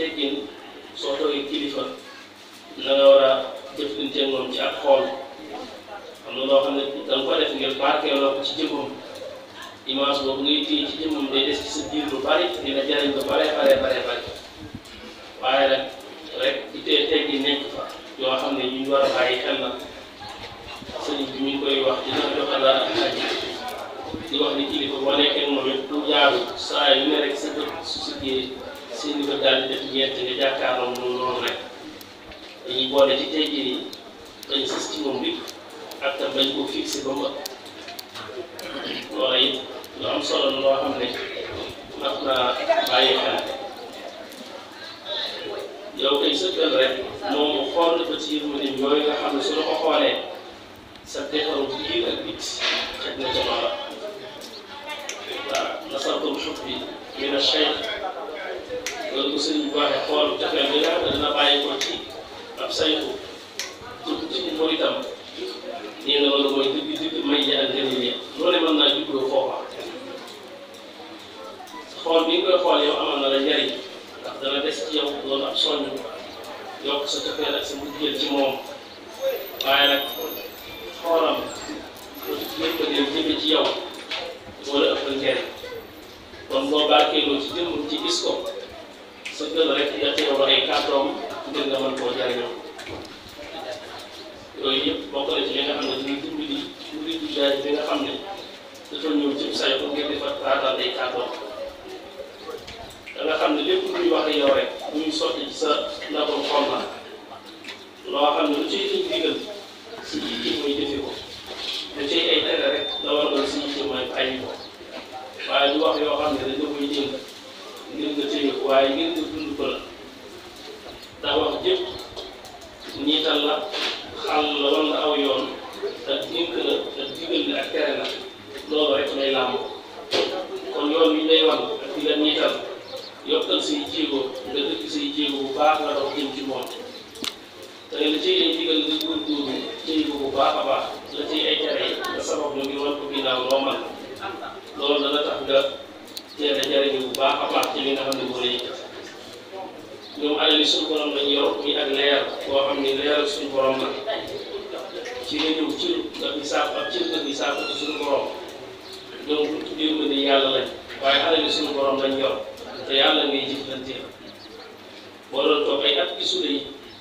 teggin soo toogee kilifa na nga war a jëflante moom ci ak xool am na loo xam ne ko def ngir barkeeloo ko ci jëmmam image boobu ngay téye ci jëmmam day des ci sa biir lu bari dina jariñ lu bare bare bare bari waaye nag rek di tee teggi nekk fa yoo xam ne ñu war a bàyyi xel la sëriñ bi ñu koy wax dina joxe la ak wax ni kilifa boo nekkee moom it du jaaru saa yu ne rek sa dëkk seen i bët daal di def ñeent nga jàkkaarloo moom noonu rek dañuy boole ci tey jii bañ sës ci moom bi ak tam bañ ko fixé ba mu ëpp loola it lu am solo la loo xam ne mat naa bàyyi xel yow kay sëkkal rek moom xool na ko ci yërmande yooyu nga xam ne su la ko xoolee sa defaru biir ak bit xet na ca loola waaw nasartul xub bi min alcheikh loolu sëñ bi waxee xool jafe bi nga xam ne dina bàyyi ko ci ab saytu ci ci muritam nee na loolu mooy digg digg may yi ak njëriñ yi loolu mën naa juddoo foofa xool bi nga koy xool yow amal na la njëriñ ndax dana des ci yow loolu ab soññ yokk sa cofeel ak sa mujjeel ci moom waaye nag xoolam lépp a jël jëme ci yow wala ëpp njëriñ kon boo barkeeloo ci jëmm ci gis ko. sa jël rek ya teewlu ay kàddoom ngir nga mën koo jariñoo yooyu yëpp bokk na ci li nga xam ne dinañ dimbali murid bi nga xam ne dafa ñëw ci say ko ngir di fa baatal ay kàddoom da nga xam ne lépp lu ñu wax yow rek muy sotti ci sa ndabul xol la loo xam ne lu ciy liñ digal si jiite mooy jëfe ko lu ciy ay tere rek la war a doon si jiite mooy bàyyi ko waaye lu wax yoo xam ne dañ la koy jënd. waaye ngeen ko dund ko la ndax wax jëpp niital la xal la wan la aw yoon ak dénk la ak digal la ak tere la loolu rek lay làmb kon yoon wi lay wan ak di la niital yokkal say jéego nga dëkk say jéego bu baax la dox jëm ci moom te la ciy ay digal nga góorgóorlu jéego bu baax a baax la ciy ay tere nga sabab lu ngir wan ko ginnaaw loo man loolu dana tax nga baax a baax ci li nga xam ne moo lay ñoom alali suñu borom lañ yor muy ak leer boo xam ne leeral suñu borom la ci la ñëw ci nga misaaf ak ci nga misaaf ak suñu borom donc lu tuddee mën ne yàlla lañ waaye alali suñu borom lañ yor te yàlla ngay jëflante boo doon toog ay at gisu lay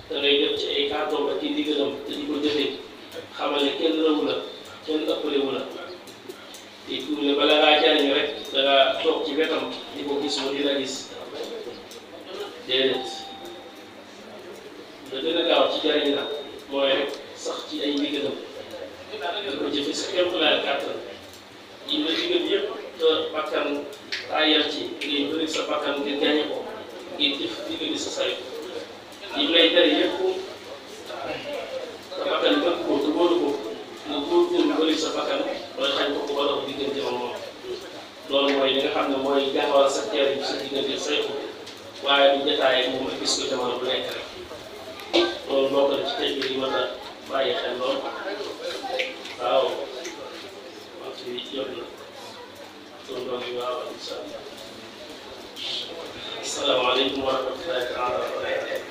da ngay def ci ay kàddoom ak ci ndigalam te di ko jëfee xamal ne kenn gis mu di la gis déedéet la gën a gaaw ci mooy rek sax ay ndigalam di ko jëfe la digal yëpp te bakkan taayal ci ngay bëri sa bakkan nga gañe ko ngay jëf digali sa say yi lay tere yëpp sa bakkan li nga xam ne mooy jàppal sa teer bi sa diggante say waaye du jataay moom ak gis ko jamono bu nekk rek loolu bokk na ci tey bi mën a bàyyi xel lool waaw waxtu bi jot na loolu yi waaw incha allah asalaamaaleykum wa rahmatullahi taala wa barakatuh